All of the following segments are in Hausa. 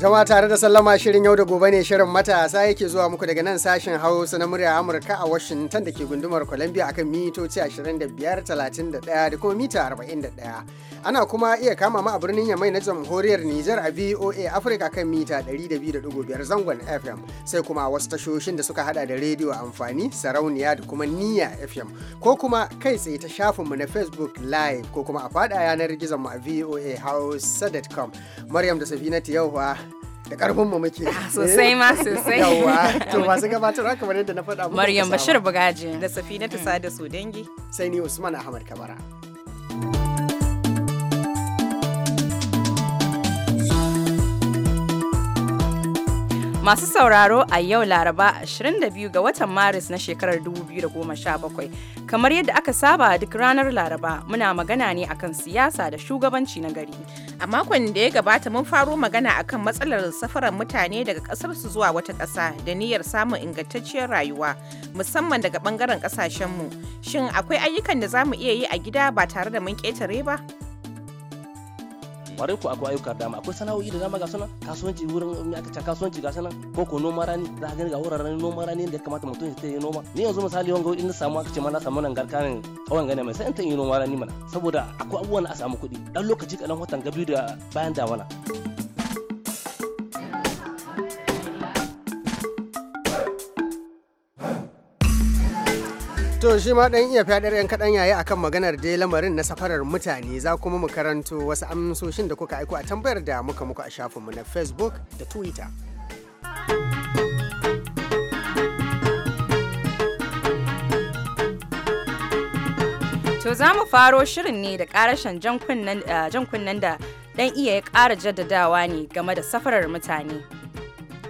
zama tare da sallama shirin yau da gobe ne shirin matasa yake zuwa muku daga nan sashen Hausa na murya Amurka a Washington da ke gundumar Columbia akan mitoci 25, 31 da kuma mita 41. ana kuma iya kama ma a birnin yamai na jamhuriyar Nijar a VOA Africa kan mita 200.5 zangon FM sai kuma wasu tashoshin da suka hada da rediyo amfani sarauniya da kuma niya FM ko kuma kai tsaye ta shafinmu na Facebook live ko kuma a fada yanar gizon a a hausa.com. Maryam da Safina Tiyauwa da karfin mu muke ah, sosai ma sosai yawa to gabatar haka kamar yadda na faɗa Maryam Bashir Bugaji da Safina sada su dangi. sai ni Usman Ahmad kamara thank you Masu sauraro a yau Laraba 22 ga watan Maris na shekarar 2017. Kamar yadda aka saba duk ranar Laraba muna magana ne akan siyasa da shugabanci na gari. A makon da ya gabata mun faro magana akan matsalar safarar mutane daga kasar su zuwa wata ƙasa da niyyar samun ingantacciyar rayuwa musamman daga bangaren ƙasashenmu. Shin akwai ayyukan da za mu iya yi a gida ba tare da mun ƙetare ba? kwarai ku akwai ayyuka dama akwai sana'o'i da dama ga sunan kasuwanci wurin me aka can kasuwanci ga sunan ko ko noma rani za ka gani ga wuraren noma rani da ya kamata mutum ya yi noma ni yanzu misali wanga in na samu aka ce ma na samu nan garkanin kawai gane mai sai in ta yi noma rani mana saboda akwai abubuwan a samu kuɗi dan lokaci kaɗan watan gabi da bayan damana. To shi ma dan iya fadar yan kaɗan yayi akan maganar dai lamarin na safarar mutane za kuma mu karanto wasu amsoshin da kuka aiko a tambayar da muka muku a shafinmu na Facebook da Twitter. To za mu faro shirin ne da karashen eh, jan kunnen da dan iya ya ƙara jaddadawa ne game da safarar mutane.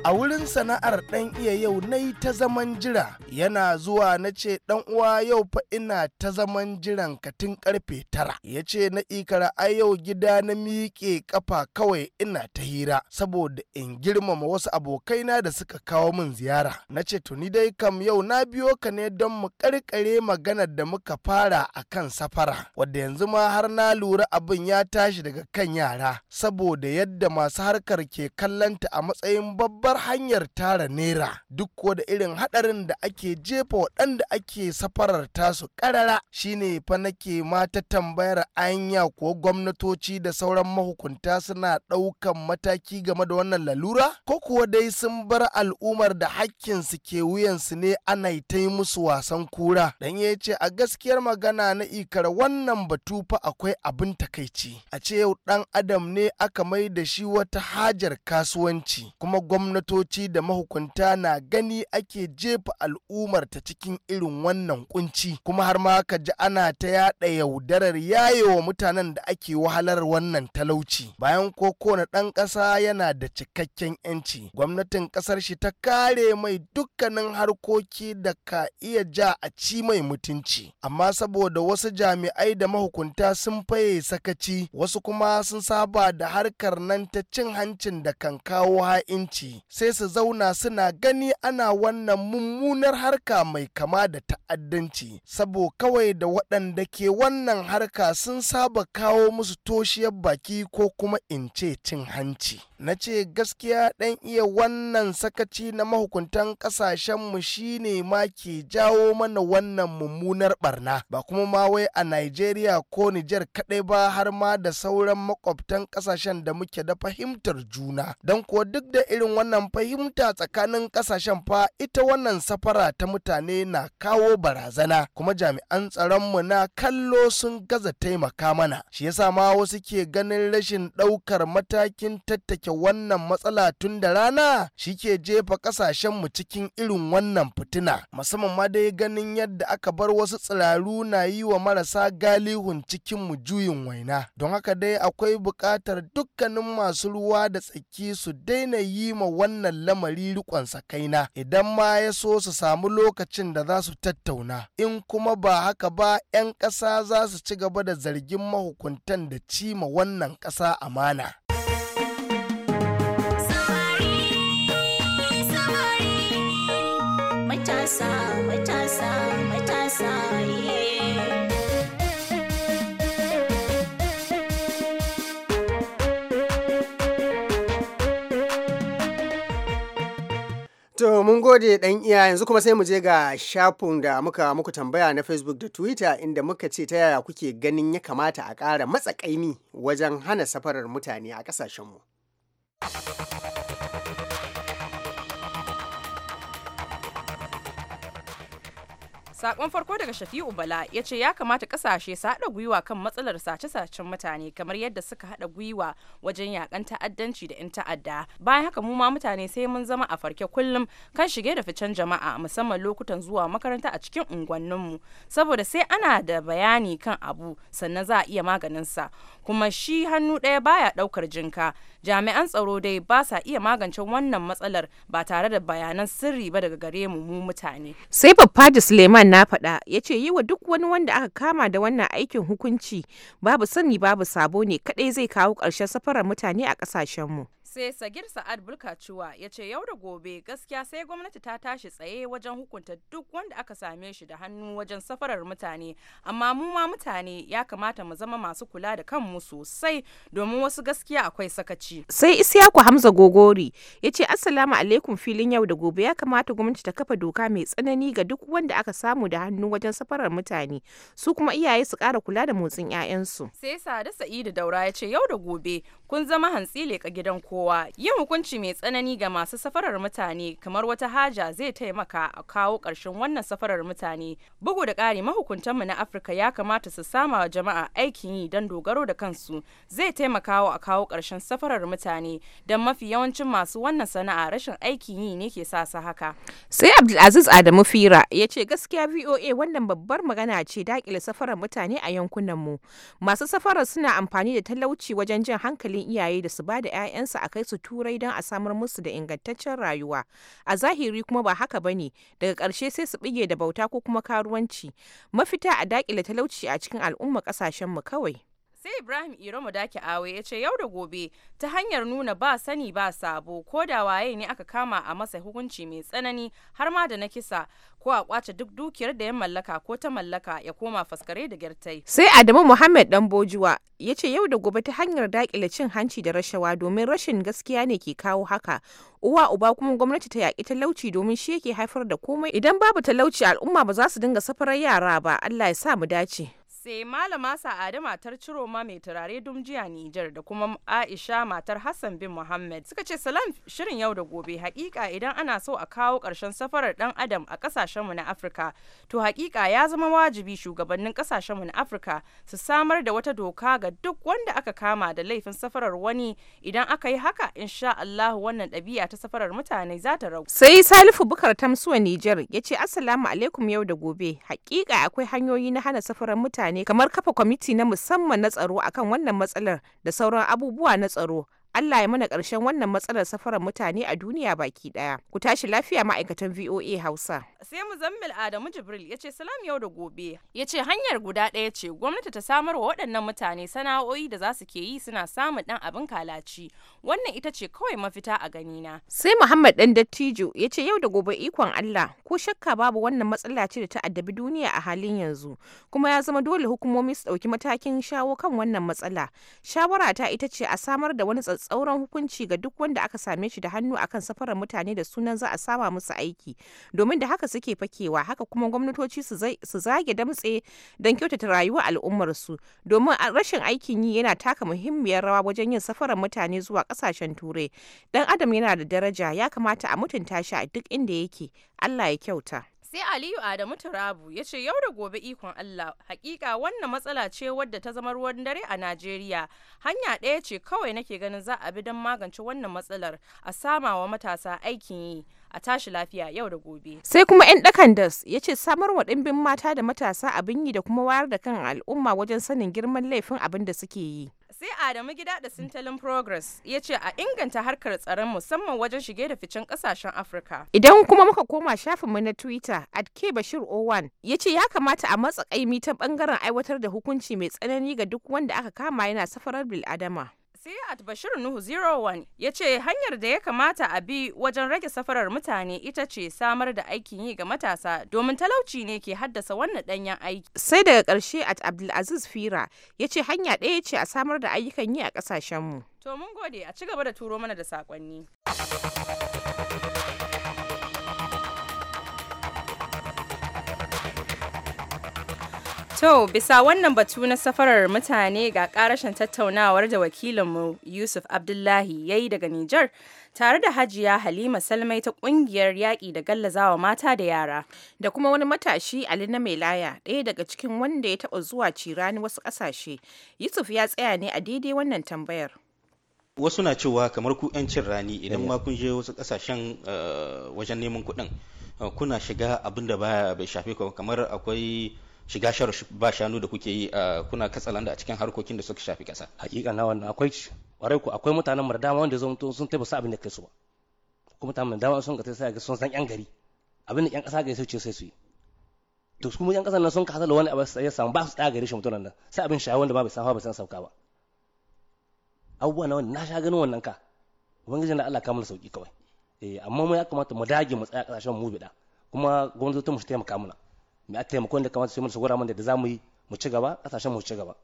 a wurin sana'ar ɗan iya yau na yi ta zaman jira yana zuwa na ce ɗan uwa yau fa ina ta zaman jiran katin karfe tara ya ce na ikara a yau gida na miƙe kafa kawai ina ta hira saboda in girmama wasu abokaina da suka kawo min ziyara na ce tuni dai kam yau na biyo ka ne don mu karkare maganar da muka fara a kan safara wadda yanzu ma har na lura abin ya tashi daga kan yara saboda yadda masu harkar ke kallanta a matsayin babba bar hanyar tara naira duk da irin hadarin da ake jefa waɗanda ake safarar tasu karara shine fa nake ma ta tambayar anya ko gwamnatoci da sauran mahukunta suna ɗaukan mataki game da wannan lalura ko kuwa dai sun bar al'ummar da hakkinsu ke wuyansu ne ana ta yi musu wasan kura dan ya ce a gaskiyar magana na ikar wannan batu fa akwai abin takaici a ce yau ɗan adam ne aka mai da shi wata hajar kasuwanci kuma gwamnati gwamnatoci da mahukunta na gani ake jefa al'ummar ta cikin irin wannan kunci kuma har ma ka ji ana ta yaɗa yaudarar yayewa mutanen da ake wahalar wannan talauci bayan koko na ɗan ƙasa yana da cikakken 'yanci gwamnatin ƙasar shi ta kare mai dukkanin harkoki da ka iya ja a ci mai mutunci amma saboda wasu jami'ai da mahukunta sun faye sakaci wasu kuma sun saba da harkar nan ta cin hancin da kan kawo ha'inci sai su zauna suna gani ana wannan mummunar harka mai kama da ta'addanci sabo kawai da waɗanda ke wannan harka sun saba kawo musu toshiyar baki ko kuma in ce cin hanci. na ce gaskiya ɗan iya wannan sakaci na mahukuntan ƙasashenmu shine ma ke jawo mana wannan mummunar barna ba kuma ma wai a Najeriya ko Nijar kaɗai ba har ma da sauran makwabtan ƙasashen da muke da fahimtar juna don kuwa duk da irin wannan fahimta tsakanin ƙasashen fa ita wannan safara ta mutane na kawo barazana kuma jami'an tsaronmu na kallo sun gaza taimaka mana shi yasa ma wasu ke ganin rashin ɗaukar matakin tattake sake wannan matsala tun da rana shi ke jefa mu cikin irin wannan fitina musamman ma dai ganin yadda aka bar wasu tsiraru na yi wa marasa galihun cikin mu juyin waina don haka dai akwai buƙatar dukkanin masu ruwa da tsaki su daina yi ma wannan lamari rikon sakaina idan ma ya so su samu lokacin da za su tattauna in kuma ba haka ba 'yan ƙasa za su ci gaba da zargin mahukuntan da cima wannan ƙasa amana. To mun gode dan iya yanzu kuma sai mu je ga shafin da muka muku tambaya na Facebook da Twitter inda muka ce ta yaya kuke ganin ya kamata a ƙara matsakaimi wajen hana safarar mutane a ƙasashenmu. Sakon farko daga Shafi'u Bala ya ce ya kamata kasashe su haɗa gwiwa kan matsalar sace-sacen mutane kamar yadda suka haɗa gwiwa wajen yakan ta'addanci da 'yan ta'adda. Bayan haka mu ma mutane sai mun zama a farke kullum kan shige da ficen jama'a musamman lokutan zuwa makaranta a cikin unguwanninmu saboda sai ana da bayani kan abu sannan za a iya maganin sa. kuma shi hannu ɗaya baya ɗaukar jinka jami'an tsaro dai ba sa iya magance wannan matsalar ba tare da bayanan sirri ba daga gare mu mu mutane sai babba da suleiman na faɗa ya ce yi wa duk wani wanda aka kama da wannan aikin hukunci babu sani babu sabo ne kaɗai zai kawo ƙarshen safarar mutane a ƙasashenmu sai sagir sa'ad bulkaciwa ya ce yau da gobe gaskiya sai gwamnati ta tashi tsaye wajen hukunta duk wanda aka same shi da hannu wajen safarar mutane amma mu ma mutane ya kamata mu zama masu kula da kanmu sosai domin wasu gaskiya akwai sakaci sai isyaku hamza gogori ya ce assalamu alaikum filin yau da gobe ya kamata gwamnati ta kafa doka mai tsanani ga duk wanda aka samu da hannu wajen safarar mutane su kuma iyaye su kara kula da motsin 'ya'yansu sai sada sa'idu daura ya ce yau da gobe kun zama hantsi leƙa gidan ko kowa yin hukunci mai tsanani ga masu safarar mutane kamar wata haja zai taimaka a kawo ƙarshen wannan safarar mutane bugu da ƙari mahukuntanmu na afirka ya kamata su sama wa jama'a aikin yi don dogaro da kansu zai taimaka a kawo ƙarshen safarar mutane don mafi yawancin masu wannan sana'a rashin aikin yi ne ke sa su haka sai abdulaziz adamu fira ya ce gaskiya voa wannan babbar magana ce dakile safarar mutane a yankunanmu masu safarar suna amfani da talauci wajen jin hankalin iyaye da su ba da 'ya'yansu a kai su turai don a samar musu da ingantaccen rayuwa a zahiri kuma ba haka bane daga ƙarshe sai su bige da bauta ko kuma karuwanci mafita a dakile talauci a cikin al'umma ƙasashen mu kawai sai ibrahim iromu daki awe ya ce yau da gobe ta hanyar nuna ba sani ba sabo ko da waye ne aka kama a masa hukunci mai tsanani har ma da na kisa ko a kwace duk dukiyar da ya mallaka ko ta mallaka ya koma faskare da gyartai sai adamu muhammad dan bojuwa ya ce yau da gobe ta hanyar dakile cin hanci da rashawa domin rashin gaskiya ne ke kawo haka uwa uba kuma gwamnati ta yaƙi talauci domin shi yake haifar da komai idan babu talauci al'umma ba za su dinga safarar yara ba allah ya sa mu dace sai malama sa'ada matar ciroma mai turare jiya nijar da kuma aisha matar hassan bin muhammad suka ce salam shirin yau da gobe hakika idan ana so a kawo karshen safarar dan adam a mu na afirka to hakika ya zama wajibi shugabannin mu na afirka su samar da wata doka ga duk wanda aka kama da laifin safarar wani idan aka yi haka insha allahu wannan ɗabi'a ta safarar mutane za ta ragu. sai salifu bukar tamsuwa nijar ya ce assalamu alaikum yau da gobe hakika akwai hanyoyi na hana safarar mutane mutane kamar kafa kwamiti na musamman na tsaro akan wannan matsalar da sauran abubuwa na tsaro Allah ya mana ƙarshen wannan matsalar safarar mutane a duniya baki ɗaya. Ku tashi lafiya ma'aikatan VOA Hausa. Sai Muzammil Adamu Jibril ya ce salam yau da gobe. Ya ce hanyar guda ɗaya ce gwamnati ta samar wa waɗannan mutane sana'o'i da za su ke yi suna samun ɗan abin kalaci. Wannan ita ce kawai mafita a gani na. Sai Muhammad ɗan Dattijo ya ce yau da gobe ikon Allah ko shakka babu wannan matsala ce da ta addabi duniya a halin yanzu kuma ya zama dole hukumomi su ɗauki matakin shawo kan wannan matsala. Shawara ta ita ce a samar da wani tsauran hukunci ga duk wanda aka same shi da hannu akan safarar mutane da sunan za a sama musu aiki domin da haka suke fakewa haka kuma gwamnatoci su zage damtse don kyautata rayuwar al'ummarsu domin rashin aikin yi yana taka muhimmiyar rawa wajen yin safarar mutane zuwa kasashen turai dan adam yana da daraja ya kamata a mutunta shi a duk inda yake allah ya kyauta sai aliyu adamu turabu ya ce yau da gobe ikon allah hakika wannan matsala ce wadda ta zama ruwan dare a najeriya hanya ɗaya ce kawai nake ganin za a bi don magance wannan matsalar a sama wa matasa aikin yi a tashi lafiya yau da gobe sai kuma yan dakandas ya ce samar wa ɗimbin mata da matasa abin yi da kuma wayar da kan al'umma wajen sanin girman laifin abin da suke yi sai adamu gida da sintalin progress ya ce a inganta harkar tsaron musamman wajen shige da ficen kasashen afirka idan kuma muka koma shafinmu na twitter at k bashir owan ya ce ya kamata a matsa kaimi ta bangaren aiwatar da hukunci mai tsanani ga duk wanda aka kama yana safarar bil'adama Siyat Bashir Nuhu 01 ya ce hanyar da ya kamata a bi wajen rage safarar mutane ita ce samar da aikin yi ga matasa domin talauci ne ke haddasa wannan danyen aiki. Sai daga karshe at Abdulaziz Fira ya ce hanya ɗaya ce a samar da ayyukan yi a ƙasashenmu. To mun gode a ci gaba da turo mana da saƙonni. To, bisa wannan batu na safarar mutane ga karashin tattaunawar da wakilinmu Yusuf Abdullahi ya yi daga Nijar tare da Hajiya Halima Salmai ta kungiyar yaƙi da gallazawa mata da yara. Da kuma wani matashi Ali na Melaya, ɗaya daga cikin wanda ya taɓa zuwa cirani wasu ƙasashe. Yusuf ya tsaya ne a daidai wannan tambayar. Wasu na cewa kamar ku ƴancin rani idan ma kun je wasu ƙasashen eh, wajen neman kuɗin eh, kuna shiga abin da bai shafe kamar akwai shiga sharo ba shanu da kuke yi uh, kuna katsalanda a cikin harkokin da suka shafi kasa hakika na wannan akwai ci kwarai ku akwai mutanen mara dama wanda zan sun taiba su abin da kai su ba kuma mutanen mara dama sun ga sai ga sun san yan gari abin da yan kasa ga sai ce sai su yi to su kuma yan kasa nan sun kasa da wani abu sai ya samu ba su tsaya gari shi mutanen nan sai abin shawo wanda ba bai san ba san sauka ba abubuwa na wannan na sha ganin wannan ka ubangiji na Allah kamar sauki kawai eh amma mu ya kamata mu dage mu tsaya kasashen mu biɗa. kuma gwamnati ta mu taimaka mana mai a taimakon da kamata su yi su gwada da za mu yi mu ci gaba kasashen mu ci gaba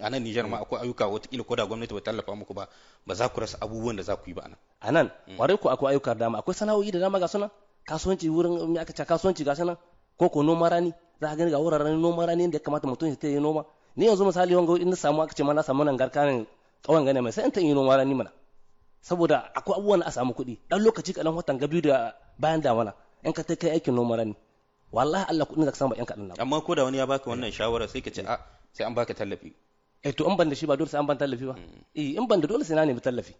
a nan Nijar ma akwai ayyuka watakila ko da gwamnati ba tallafa muku ba ba za ku rasa abubuwan da za ku yi ba anan a nan kwarai mm. ku akwai ayyuka dama akwai sana'o'i da dama ga suna kasuwanci wurin mai aka ce kasuwanci ga suna ko ko noma rani za ka gani ga wuraren noma rani da ya kamata mutum ya yi noma ni yanzu misali wanga in na samu aka ce ma na samu nan garka ne tsawon gane mai sai in ta yi noma rani mana saboda akwai abubuwan a samu kuɗi ɗan lokaci kaɗan watan gabi da bayan damana in ka ta kai aikin noma rani wallahi Allah kudin ka samu yan kaɗan amma ko da wani ya baka wannan shawara sai ka ce a ah, sai an baka tallafi eh to in ban da shi ba dole sai an ban tallafi ba mm. eh in ban da dole sai na nemi tallafi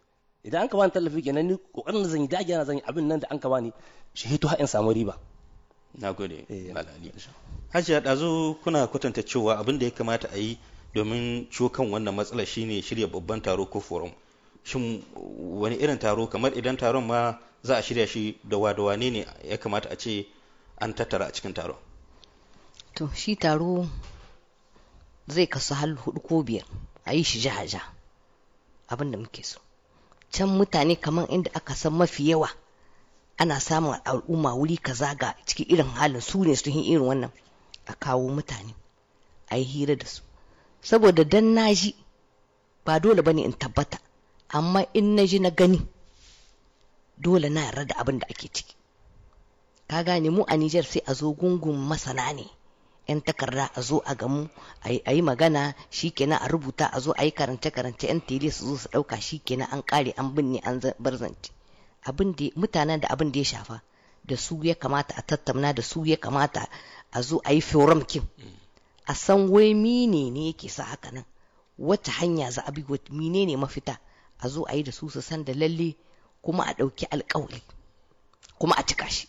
idan an ka bani tallafi kenan ni kokarin zan yi dage na zan yi abin nan da an ka bani shi hito har in samu riba gode eh, malali hajiya ɗazu kuna kwatanta cewa abin da ya kamata a yi domin ciwo kan wannan matsalar shine shirya babban taro ko forum shin wani irin taro kamar idan taron ma za a shirya shi da wadawane ne ya kamata a ce an tattara a cikin taro to shi taro zai kasu hal hudu ko biyar a yi shi jaha-jaha abin da muke so can mutane kamar inda aka san mafi yawa ana samun al'umma wuri kaza ga cikin irin halin su ne su irin wannan a kawo mutane a yi hira da su saboda dan na ji ba dole bane in tabbata amma in na ji na gani dole na yarda da abin da ake ciki ka gane mu a Nijar sai a zo gungun masana ne yan takarda a zo a gamu a yi magana shi kenan a rubuta a zo a yi karance karance yan tele su zo su dauka kenan an kare an binne an bar da mutanen da abin da ya shafa da su ya kamata a tattauna da su ya kamata a zo a yi forum a san wai mine ne yake sa haka nan wata hanya za a bi mine ne mafita a zo a yi da su su san da lalle kuma a ɗauki alkawari kuma a cika shi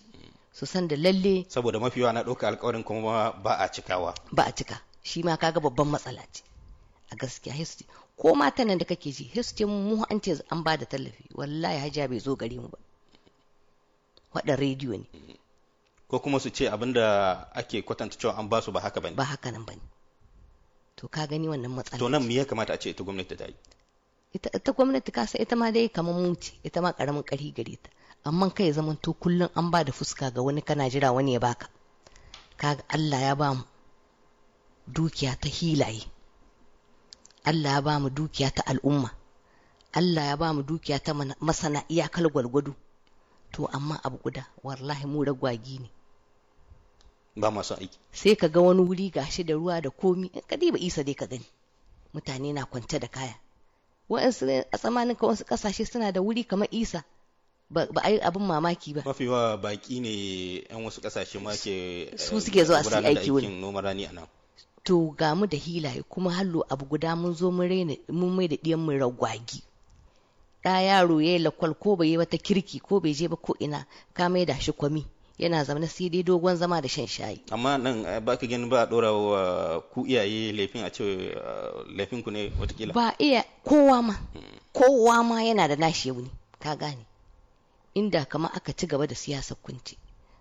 su san da lalle saboda mafi yawa na ɗauka alkawarin kuma ba a cikawa ba a cika shi ma kaga babban matsala ce a gaskiya history ko matan nan da kake ji history mu an ce an ba da tallafi wallahi hajiya bai zo gare mu ba Waɗa rediyo ne ko kuma su ce abinda ake kwatanta cewa an ba su ba haka bane ba haka nan bane to ka gani wannan matsala to nan me ya kamata a ce ita gwamnati ta yi ita gwamnati ka kasa ita ma dai kamar mu ce ita ma karamin ƙarfi gare ta amma kai zaman to kullum an ba da fuska ga wani kana jira wani ya baka kaga Allah ya ba mu dukiya ta hilaye Allah ya ba mu dukiya ta al'umma Allah ya ba mu dukiya ta masana iyakar gwalgwado to amma abu guda wallahi mu ragwagi ne ba masu aiki sai ka ga wani wuri gashi da ruwa da komi in ka ba isa dai ka gani mutane na kwance da kaya wa'ansu a tsamanin ka wasu kasashe suna da wuri kamar isa ba a yi abin mamaki ba mafi wa baki ne yan wasu kasashe ma ke su eh, suke zuwa su aiki wani noman rani a nan to ga mu da hilaye kuma hallo abu guda mun zo mun raina mun mai da diyan mu ragwagi da yaro yayi lakwal ko bai yi wata kirki ko bai je ba ko ina ka mai da shi kwami yana zaune sai dai dogon zama da shan shayi amma nan eh, ba ka gani ba a dora wa ku iyaye laifin a ce eh, laifin ku ne watakila ba iya kowa ma hmm. kowa ma yana da nashi yau ne ka gane inda kama aka ci gaba da siyasar kunci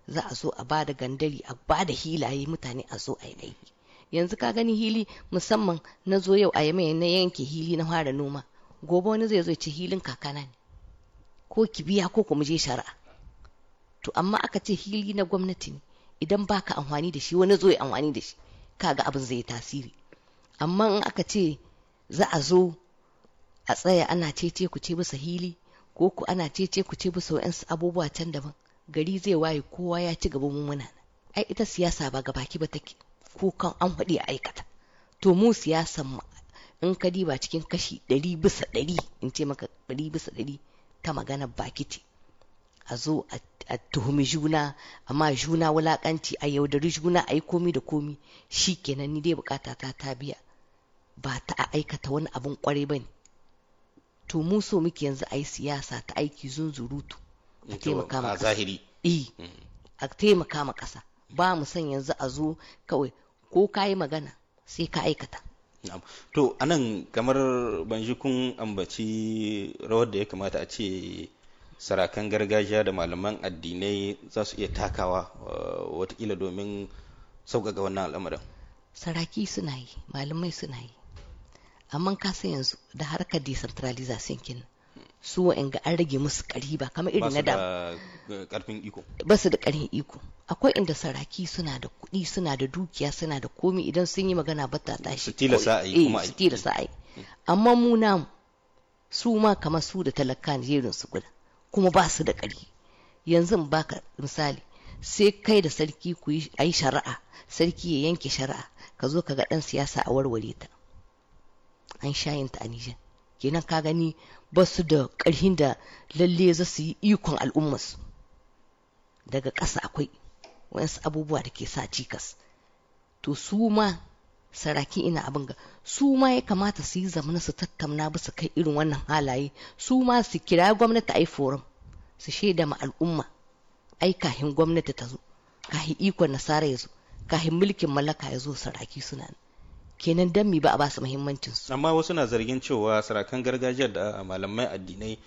za a zo a ba da gandari a ba da hilaye mutane a zo a yi aiki yanzu ka gani hili musamman na zo yau a yamai na yanke hili na fara noma gobe wani zai zo ci hilin kakana ne ko kibiya ko kuma je shari'a to amma aka ce hili na gwamnati ne idan baka amfani da shi wani zo ya amfani da shi kaga abin zai tasiri amma in aka ce za a zo a tsaya ana ce-ce ku ce bisa hili ko ku ana cece ku ce bisa wa'ansu abubuwa can daban gari zai waye kowa ya ci gaba muna ai ita siyasa ba ga baki ba take ko kan an faɗi a aikata to mu siyasan mu in ka diba cikin kashi ɗari bisa ɗari in ce maka ɗari bisa ɗari ta magana baki ce a zo a tuhumi juna amma juna wulakanci a yaudari juna a yi komi da komi shi kenan ni dai bukata ta ta biya ba ta aikata wani abin kwarai ba ne to mu so muke yanzu a yi siyasa ta aiki zunzurutu a taimaka ma zahiri eh, mm. a taimaka ma ƙasa ba mu san yanzu a zo kawai ko ka yi magana sai ka aikata to anan kamar banji kun ambaci rawar da ya kamata a ce sarakan gargajiya da malaman addinai za su iya takawa eh, watakila domin sauƙaƙa wannan al'amarin saraki suna yi malamai suna yi amma ka san yanzu da harkar decentralization kenan su wa'in ga an rage musu kari ba kamar irin na da iko ba su da ƙarfin iko akwai inda saraki suna da kuɗi suna da dukiya suna da komi idan sun yi magana ba ta tashi su tilasa a yi kuma eh, su tilasa a yi amma mu namu su ma kamar su da talaka jerin su guda kuma ba su da ƙari yanzu ka misali sai kai da sarki ku yi shari'a sarki ya yanke shari'a ka zo ka ga ɗan siyasa a warware ta an shayin ta a Nijar kenan ka gani ba su da ƙarhin da lalle za su yi ikon al'ummarsu daga ƙasa akwai wayansu abubuwa da ke sa cikas to su ma saraki ina abin ga su ma ya kamata su yi zamana su tattauna ba su kai irin wannan halaye su ma su kira gwamnati ai forum su shaida ma al'umma ai kahin gwamnati ta zo kahin ikon nasara ya zo kahin mulkin mallaka ya zo saraki suna nan kenan dan mi ba a basu muhimmancin su amma wasu na zargin cewa sarakan gargajiyar da ah, malamai addinai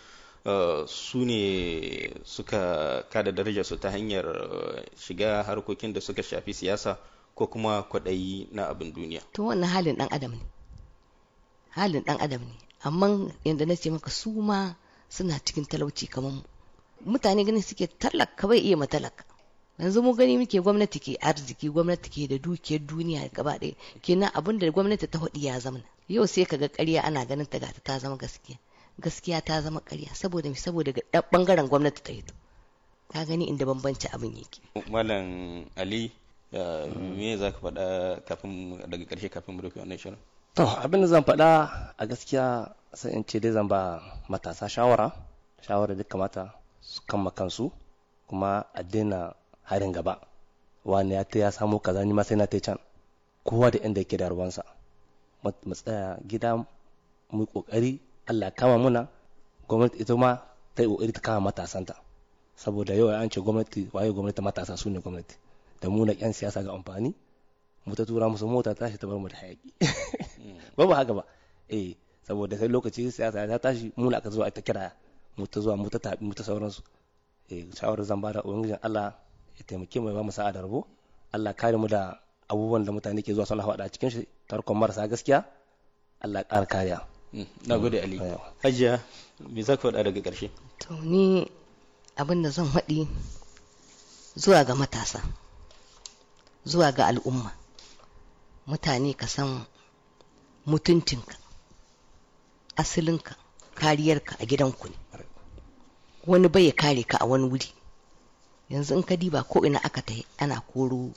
ah, su ne suka kada daraja su ta hanyar ah, shiga harkokin da suka shafi siyasa ko kuma kwaɗayi na abin duniya to wannan halin dan adam ne halin dan adam ne amma yanda na ce maka su ma suna cikin talauci kamar mutane ganin suke talaka bai iya matalaka yanzu mu gani muke gwamnati ke arziki gwamnati ke da dukiyar duniya gaba ɗaya kenan abin da gwamnati ta haɗi ya zama yau sai kaga ƙarya ana ganin ta gata ta zama gaskiya gaskiya ta zama ƙarya saboda mi saboda ga bangaren gwamnati ta hito ka gani inda bambanci abin yake malam ali me za ka faɗa kafin daga ƙarshe kafin mu rufe wannan shirin to abin da zan faɗa a gaskiya sai in ce dai zan ba matasa shawara shawara duk kamata su kama kansu kuma a daina harin gaba wani ya ta ya samu kaza ni sai na ta can kowa da inda yake da ruwansa mu tsaya gida mu kokari Allah kama muna gwamnati ita ma ta yi kokari ta kama matasanta saboda yau an ce gwamnati waye gwamnati matasa su ne gwamnati da mu na yan siyasa ga amfani mu ta tura musu mota tashi ta bar mu da hayaki ba ba haka ba eh saboda sai lokaci siyasa ta tashi mu na aka zo a ta kira mu ta zuwa mu ta tabi mu ta sauransu eh shawarar zan ba da ubangijin Allah ya taimake mu ya bamu sa'a da rabo Allah kare mu da abubuwan da mutane ke zuwa suna faɗa cikin shi tarkon marasa gaskiya Allah ƙara kariya hmm, na gode ali hajiya me za ka faɗa daga ƙarshe to ni abin da zan faɗi zuwa ga matasa zuwa ga al'umma mutane ka san mutuncinka asalinka kariyarka a gidanku ne wani bai ya kare ka a wani wuri yanzu in ka diba ko ina aka tai ana koro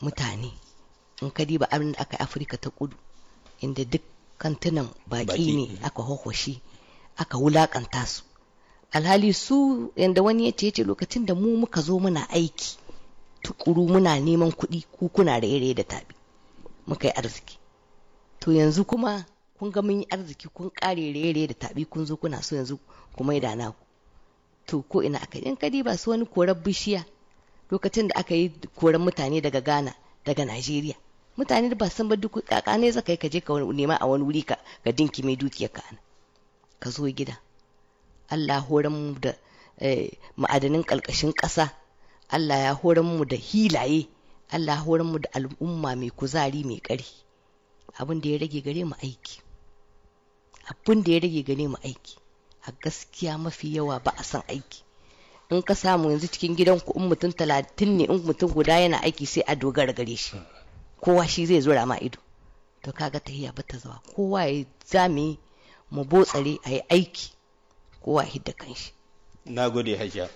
mutane in ka diba abin da aka yi afirka ta kudu inda duk kantunan baki ne eh. aka hohoshi aka wulakanta su alhali su yadda wani ya ce lokacin da mu muka zo muna aiki tukuru muna neman kuɗi kukuna kuna raye da tabi muka yi arziki to yanzu kuma kun ga mun yi arziki kun kare raye da tabi kun zo kuna so yanzu kuma yi da naku to ko ina aka yi in kadi ba su wani korar bishiya lokacin da aka yi koran mutane daga ghana daga najeriya mutane da ba san ba duk kaka ne zaka yi ka je ka nema a wani wuri ka dinki mai dukiyar ka ka zo gida Allah horan mu da eh, ma'adanin kalkashin ƙasa Allah ya horan mu da hilaye Allah horan mu da al'umma mai kuzari mai ƙari abin ya rage gare mu abin da ya rage gare mu aiki a gaskiya mafi yawa ba a san aiki in ka samu yanzu cikin gidan ku in mutum talatin ne in mutum guda yana aiki sai a dogara gare shi kowa shi zai zura ma ido to kaga tahiya ba ta zawa kowa ya zame mu botsare a yi aiki kowa hidda kanshi na gode hajiya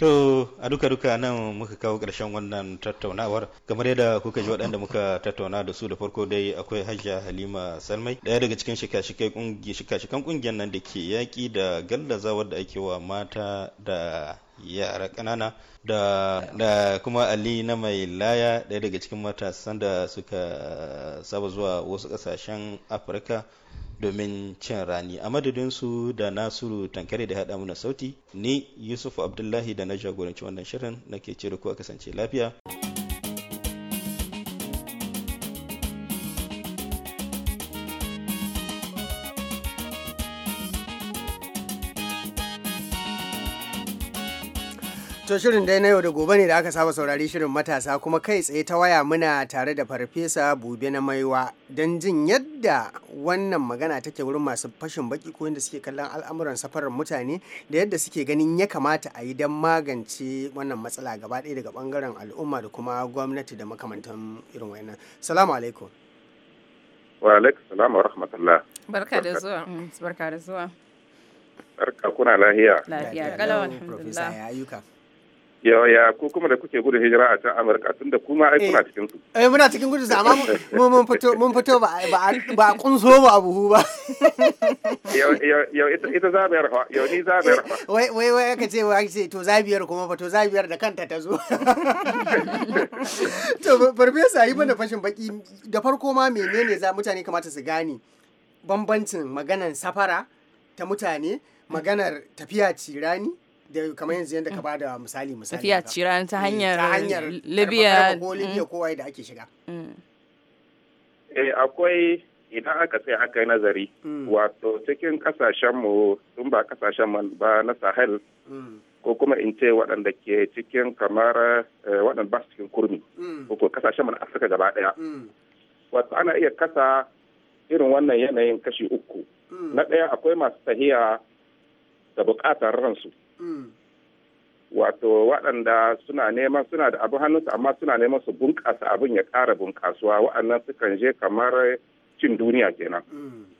To a duka-duka nan muka kawo ƙarshen wannan tattaunawar kamar yadda kuka ji waɗanda muka tattauna da su da farko dai akwai Hajja Halima Salmai ɗaya daga cikin shika-shikan ƙungiyar nan da ke yaƙi da gallazawar da ake wa mata da yara ƙanana da, kuma ali na mai laya ɗaya daga cikin matasan da suka saba zuwa wasu ƙasashen afirka domin cin rani a madadinsu da nasiru tankare da haɗa muna sauti ni yusuf abdullahi da na jagoranci wannan shirin nake cire ku a kasance lafiya. To shirin dai na yau da gobe ne da aka saba saurari shirin matasa kuma kai tsaye ta waya muna tare da farfesa bube na maiwa don jin yadda wannan magana take wurin masu fashin baki ko yadda suke kallon al'amuran safarar mutane da yadda suke ganin ya kamata a yi don magance wannan matsala gaba ɗaya daga bangaren al'umma da kuma gwamnati da makamantan irin wayannan. Salamu alaikum. Wa alaikum salam wa rahmatullah. Barka da zuwa. Mm, barka da zuwa. Barka kuna lahiya. Lahiya. kalau alhamdulillah. Profesa ya ayyuka. yawaya ko kuma da kuke gudun hijira a can amurka tun da kuma ai kuna eh, cikin su eh muna cikin gudun su amma mun fito mun fito ba ba a kunso ba buhu ba yau ita zabiyar fa ni zabiyar fa wai wai wai aka ce wai ce to zabiyar kuma fa to zabiyar da kanta ta zo to farfesa yi mana fashin baki da farko ma menene za mutane kamata su gane bambancin maganar safara ta mutane maganar tafiya cirani da kamar yanzu yadda ka mm. bada misali misali tafiya ciran mm, ta hanyar libya ko libya mm. kowa da ake shiga eh akwai idan aka sai aka yi nazari wato cikin kasashenmu tun ba kasashen ba na sahel ko kuma in ce waɗanda ke cikin kamar eh, waɗanda ba su cikin kurmi ko kasashen mu na afirka gaba ɗaya wato ana iya kasa irin wannan yanayin kashi uku na ɗaya akwai masu tahiya da buƙatar ransu wato waɗanda suna neman suna da abu hannunsu amma suna neman su bunƙasa abin ya ƙara bunƙasuwa waɗannan sukan je kamar cin duniya kenan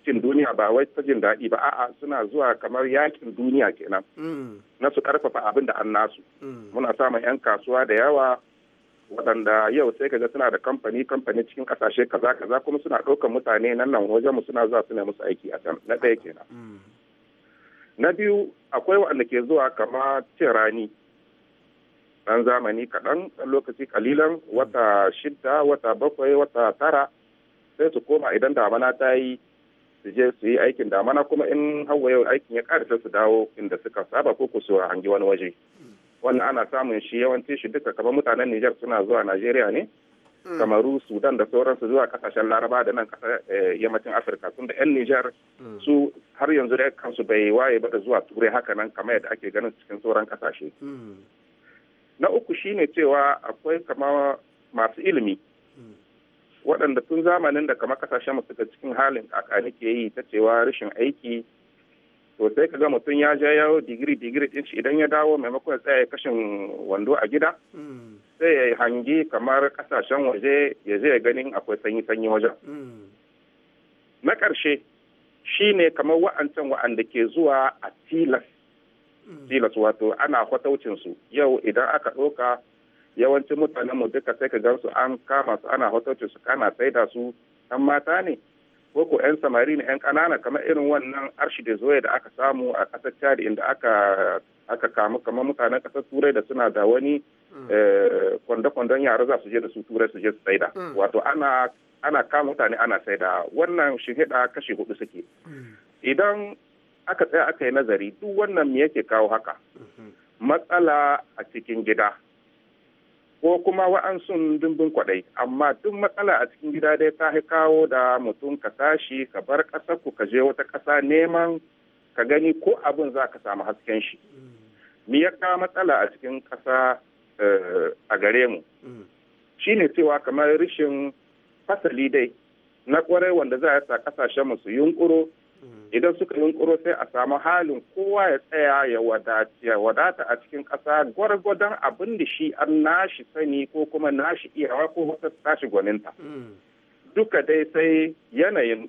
cin duniya ba wai ta jin daɗi ba a'a suna zuwa kamar yakin duniya kenan na su ƙarfafa abin da an nasu muna samun 'yan kasuwa da yawa waɗanda yau sai kaga suna da kamfani kamfani cikin ƙasashe kaza kaza kuma suna ɗaukar mutane nan nan wajen mu suna zuwa suna musu aiki a can na ɗaya kenan na biyu akwai waɗanda ke zuwa kama cin rani ɗan zamani kaɗan lokaci kalilan wata shidda wata bakwai wata tara sai su koma idan damana ta yi su je su yi aikin damana kuma in hawa yau aikin ya karata su dawo inda suka saba ko su hangi wani waje wannan ana samun shi yawanci shi duka kamar mutanen Nijar suna zuwa Najeriya ne kamaru sudan da sauransu zuwa kasashen laraba da nan kasar eh, yammacin afirka sun da yan nijar mm. su har yanzu da kansu bai waye ba da zuwa turai haka nan kamar yadda ake ganin cikin sauran kasashe mm. na uku shine cewa akwai kama masu ilimi mm. waɗanda tun zamanin da kama kasashen mu suka cikin halin kaka nake yi ta cewa rashin aiki to sai ga mutum ya je yawo digiri digiri din shi idan ya dawo maimakon ya tsaya kashin wando a gida sai ya hangi kamar kasashen waje ya zai ganin akwai sanyi-sanyi wajen. Mm. Na ƙarshe shi ne kamar wa'ancan wa'anda ke zuwa a tilas, mm. tilas wato ana hotocinsu yau idan aka ɗauka yawancin mutanenmu duka sai ka gan su an kama su ana hotocinsu kana sai da su ɗan mata ne koko yan samari ne yan ƙanana kamar irin wannan arshi da zoye da aka samu a ƙasar Chad inda aka aka kama kamar mutanen kasar turai da suna da wani mm. eh, kwandon yara za su je da su turai su je su saida mm. wato ana ana kama mutane ana saida wannan shihida kashe hudu suke mm. idan aka tsaya aka yi nazari duk wannan me yake kawo haka mm-hmm. matsala a cikin gida ko kuma wa'ansun dimbin kwadai amma duk matsala a cikin gida dai ta kawo da mutum ka tashi ka bar ƙasar ku ka je wata ƙasa neman ka gani ko abin za ka samu hasken shi mi ya kawo matsala a cikin ƙasa eh, a gare mu mm. shine cewa kamar rishin fasali dai na kwarai wanda za a sa kasashen mu su yunkuro mm. idan suka yunkuro sai a samu halin kowa ya tsaya ya wadata a cikin ƙasa gwargwadon abin da shi an nashi sani ko kuma nashi iyawa ko wata tashi gwaninta mm. duka dai sai yanayin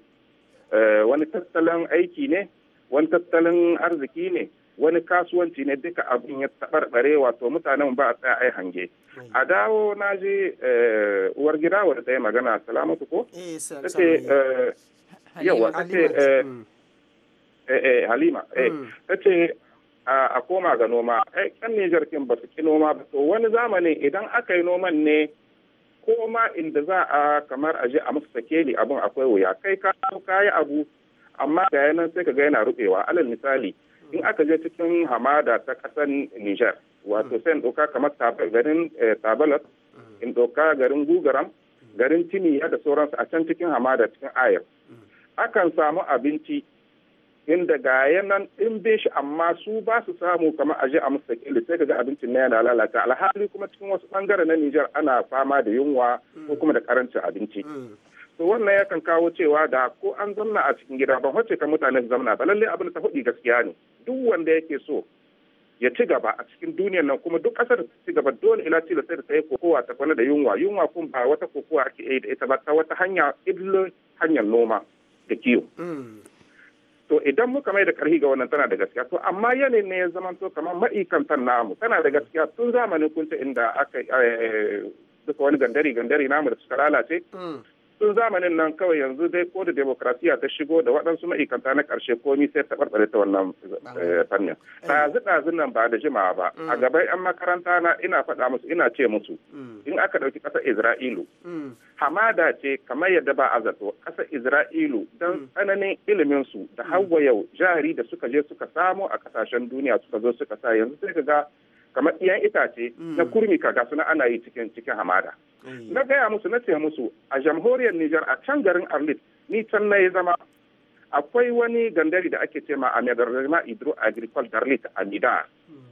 eh, wani tattalin aiki ne wani tattalin arziki ne wani kasuwanci ne duka abin ya tabarbare wato mutanen ba a tsaya ai hange a dawo na je eh, uwar gida wadda ta yi magana salamatu ko eh, ta eh, yawa ce halima mm. ta ce a koma ga noma ai kan Nijar kin ba su ki noma ba to wani zamanin idan aka yi noman ne ko ma inda za a kamar aje a musu sakeli abin akwai wuya kai ka yi abu amma ga yanan sai ka ga yana rubewa alal misali in aka je cikin hamada ta kasan nijar wato sai in ɗauka kamar garin eh, tabalat in ɗauka garin gugaram garin tiniya da sauransu a can cikin hamada cikin ayar akan samu abinci inda ga yanan in be shi amma su ba su samu kamar aje a musu kili sai ga abincin na yana lalata alhali kuma cikin wasu bangare na Nijar ana fama da yunwa ko kuma da karancin abinci to wannan yakan kawo cewa da ko an zamna a cikin gida ban hoce ka mutane su zamna ba lallai abin ta hudi gaskiya ne duk wanda yake so ya ci gaba a cikin duniyar nan kuma duk kasar ta ci gaba dole ila ci sai da ta yi kokowa ta kwana da yunwa yunwa kuma ba wata kokowa ake yi da ita ba ta wata hanya hanyar noma da kiwo to idan muka mai da karhi ga wannan tana da gaskiya to amma yanayin ne ya zama to kamar ma'ikantan namu tana da gaskiya tun zamanin kunta inda aka eh, duka wani gandari gandari namu da suka lalace mm. tun zamanin nan kawai yanzu dai ko da demokrasiya ta shigo da waɗansu ma'aikanta na ƙarshe komi sai ta barbare ta wannan eh, fannin eh. ɗazu-ɗazun nan ba da jimawa ba a mm. gaba 'yan makaranta na ina faɗa musu ina ce musu mm. in aka ɗauki ƙasa isra'ilu mm. hamada ce kamar yadda ba a zato ƙasa isra'ilu don tsananin ilimin su da hawa yau jari da suka je suka samo a ƙasashen duniya suka zo suka sa yanzu sai ka ga kamar iyan itace mm. na kurmi kaga suna ana yi cikin cikin hamada eh. na gaya musu na ce musu a jamhuriyar Nijar a can garin Arlit ni can na zama akwai wani gandari da ake ce ma a Medarima Idro Agricole Darlit a nida mm.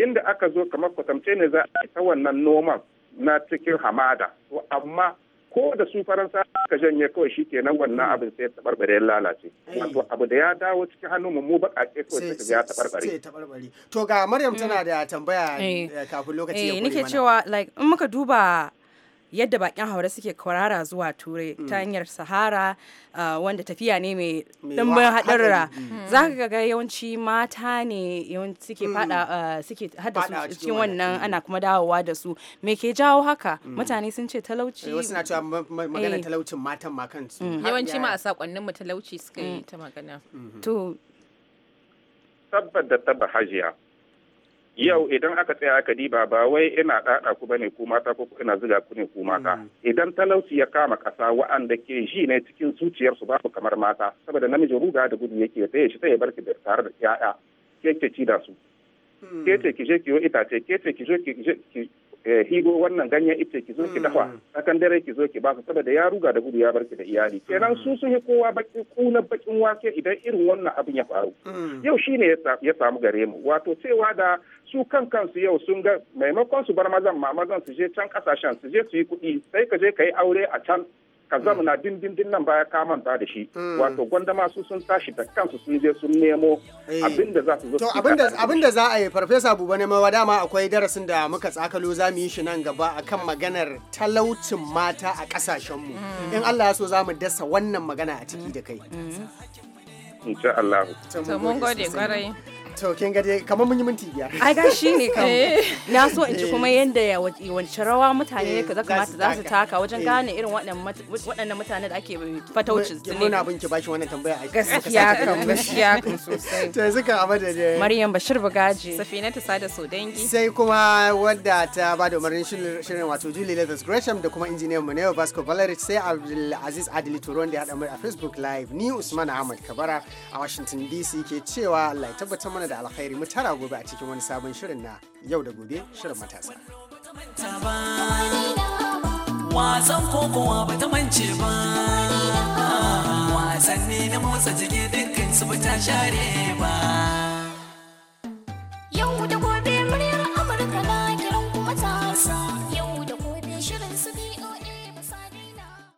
inda aka zo kamar kwatamce ne za a ta wannan noma na cikin hamada to amma ko da su faransa ka janye kawai shi kenan wannan mm. abin sai ta barbare lalace mm. wato abu da ya dawo cikin hannun mu mu baka ce ko sai ta barbare to ga Maryam tana mm. da tambaya eh. Eh, kafin lokaci ya kuma eh, nake cewa like in muka duba yadda bakin haure suke kwarara zuwa turai mm. ta hanyar sahara ah, wanda tafiya ne mai dimbin haɗarra mm. Mm. za ka ga yawanci mata ne yawanci suke fada ah, suke hada su cikin wannan ana kuma dawowa da su me ke jawo haka mutane sun ce talauci eh, wasu na cewa maganar eh. talaucin matan ma kansu yawanci ma a sakonnin mu talauci suka yi ta magana mm-hmm. to tabbata tabba hajiya yau idan aka tsaya aka diba ba wai ina ɗaɗa ku bane ku mata ko ina ziga ku ne ku mata mm. idan talauci ya kama ƙasa wa'anda ke ji ne cikin zuciyarsu babu kamar mata saboda namiji ruga da gudu yake yi shi yi barki tare da yaya ke ke ci da su mm. ke ce ki je ki yo itace ke ce ki je ki Eh, higo wannan ganyen ita ki zo ki dafa mm. sakan dare ki zo ki ba saboda ya ruga da gudu ya bar ki da iyali kenan su mm. sun yi kowa baki kuna bakin wake idan irin wannan abin ya faru mm. yau shine ya samu gare mu wato cewa da su kan kansu yau sun ga maimakon su bar mazan ma mazan su je can kasashen su je su yi kuɗi sai ka je ka yi aure a can ka na dindindin nan baya ka manta da shi mm. wato gwandama su sun tashi da kansu sun je sun nemo eh. abin da za su zo to abin da za a yi farfesa buba ne ma dama akwai darasin da muka tsakalo za mu yi shi nan gaba akan maganar talaucin mata a kasashenmu mm. in Allah ya so za mu dasa wannan magana a ciki da kai mm. insha Allah to mun gode kwarai to kin ga kamar mun yi minti biyar ai ga shi ne kam eh. na so in ci kuma yanda wacce rawa mutane eh, ka za mata za su taka wajen eh. gane irin waɗannan mutane da ake fataucin su ne muna bin ki bashi wannan tambaya a gaskiya kan gaskiya kan sosai to yanzu kan abada da Maryam Bashir Bugaji Safina ta sada so dangi sai kuma wanda ta ba da umarnin shirin wato Julie Leathers Gresham da kuma injiniyan mu ne Vasco Valerich sai Abdul Aziz Adili Turon wanda ya haɗa mu a Facebook Live ni Usman Ahmad Kabara a Washington DC ke cewa Allah ya tabbatar mana kwana da alkhairi mu tara gobe a cikin wani sabon shirin na yau da gobe shirin matasa. Wasan kokowa ba ta mance ba, wasanni na motsa jiki dukkan su ba share ba.